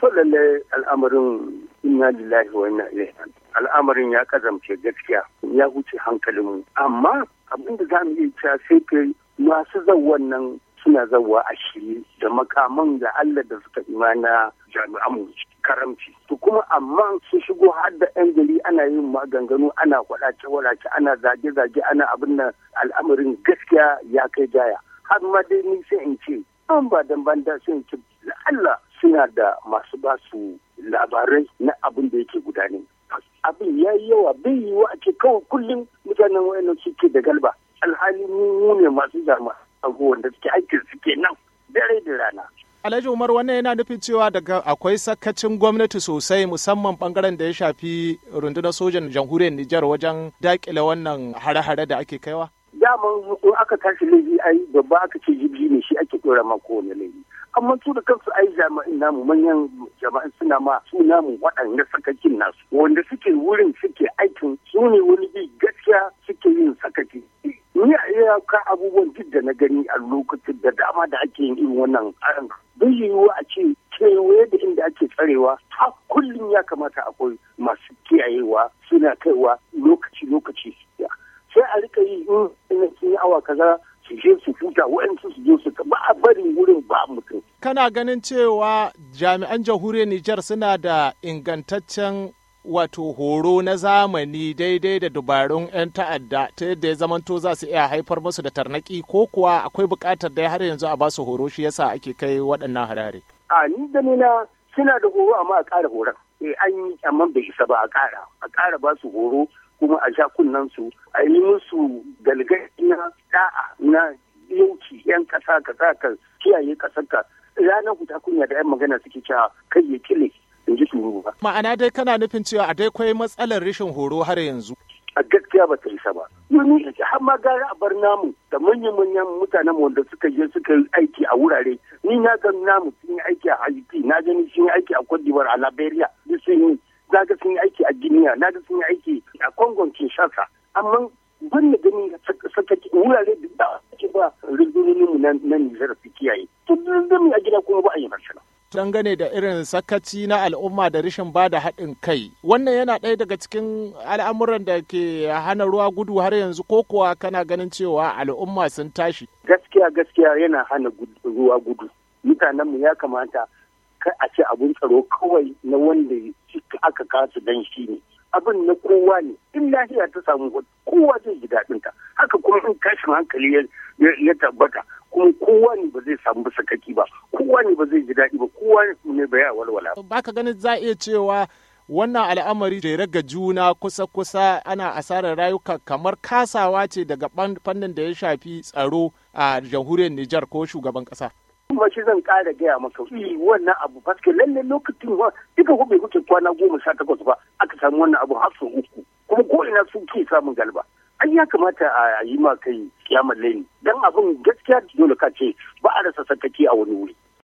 to lalle al'amarin inna lillahi wa inna ilaihi al'amarin ya kazamce gaskiya ya wuce hankalinmu amma abin da zamu iya cewa sai kai masu zan nan suna zawa a shirye da makaman da Allah da suka imana mu karamci to kuma amma sun shigo har da yan gari ana yin maganganu ana kwadace wadace ana zage zage ana abin nan al'amarin gaskiya ya kai jaya har ma dai ni sai in ce an ba dan banda sai in ce Allah suna da masu ba su labarai na abin da yake gudane abin ya yi yawa bai yi wa ake kawai kullum mutanen wayannan suke da galba alhali mu ne masu zama abubuwan da suke aikin suke nan dare da rana Alhaji Umar wannan yana nufin cewa daga akwai sakacin gwamnati sosai musamman bangaren da ya shafi rundunar sojan jamhuriyar Nijar wajen dakile wannan hare-hare da ake kaiwa? Daman in aka tashi laifi ai babba aka ce jibi ne shi ake dora mako na laifi. amma su da kansu ai jama'in namu manyan jama'in suna ma su namu waɗanda sakakin nasu wanda suke wurin suke aikin su ne wani bi gaskiya suke yin sakaki ni a iya ka abubuwan duk da na gani a lokacin da dama da ake yin irin wannan aran bai yiwu a ce kewaye da inda ake tsarewa Ta kullum ya kamata akwai masu kiyayewa suna kaiwa lokaci lokaci sai a rika yi hmm, in sun yi awa kaza je su huta wa'ansu su je su ba a barin wurin ba mutum. Kana ganin cewa jami'an jamhuriyar Nijar suna da ingantaccen wato horo na zamani daidai da dubarun 'yan ta'adda ta yadda ya zamanto za su iya haifar musu da tarnaki ko kuwa akwai bukatar da har yanzu a ba su horo shi yasa ake kai waɗannan harare. A ni da nuna suna da horo amma a ƙara horon. Eh an yi amma bai isa ba a ƙara a ƙara ba su horo kuma a sha kunnen su a yi musu galgai na da'a na yauki yan kasa ka za ka kiyaye ƙasar ka ranar guda kunya da yan magana suke cewa kai ya kile in ji tsoro ba. Ma'ana dai kana nufin cewa a dai kwai matsalar rashin horo har yanzu. A gaskiya ba ta isa ba. yuni har ma gara a bar namu da manyan-manyan mutanen wanda suka je suka yi aiki a wurare. Ni na ga namu sun yi aiki a Haiti, na gani sun yi aiki a Cote d'Ivoire, a Liberia, sun yi. Na ga sun yi aiki a Guinea, na ga sun yi aiki a kongon kinshasa amma ban da gani sakaki wurare da da ake ba mu na nijar su kiyaye to rundunonin a gida kuma ba a yi marsala dangane da irin sakaci na al'umma da rashin ba da haɗin kai wannan yana ɗaya daga cikin al'amuran da ke hana ruwa gudu har yanzu ko kuwa kana ganin cewa al'umma sun tashi gaskiya gaskiya yana hana ruwa gudu mutanenmu ya kamata a ce abin tsaro kawai na wanda aka kasu don shi ne abin na kowa ne in lahiya ta samu kowa zai ji daɗin ta haka kuma in kashin hankali ya tabbata kuma kowa ne ba zai samu sakaki ba kowa ne ba zai ji daɗi ba kowa ne ba ya walwala ba ka ganin za iya cewa wannan al'amari jere raga juna kusa-kusa ana asarar rayuka kamar kasawa ce daga fannin da ya shafi tsaro a jamhuriyar Nijar ko shugaban kasa. kuma shi zan kara gaya maka eh, wannan abu paske lallai lokacin ba duka bai kuke kwana goma sha takwas ba samu wannan abu har uku kuma ko ina su ke samun galba an ya kamata a yi ma kai kiyamar laini dan abin gaskiya dole ka ce ba a rasa sakaki a wani wuri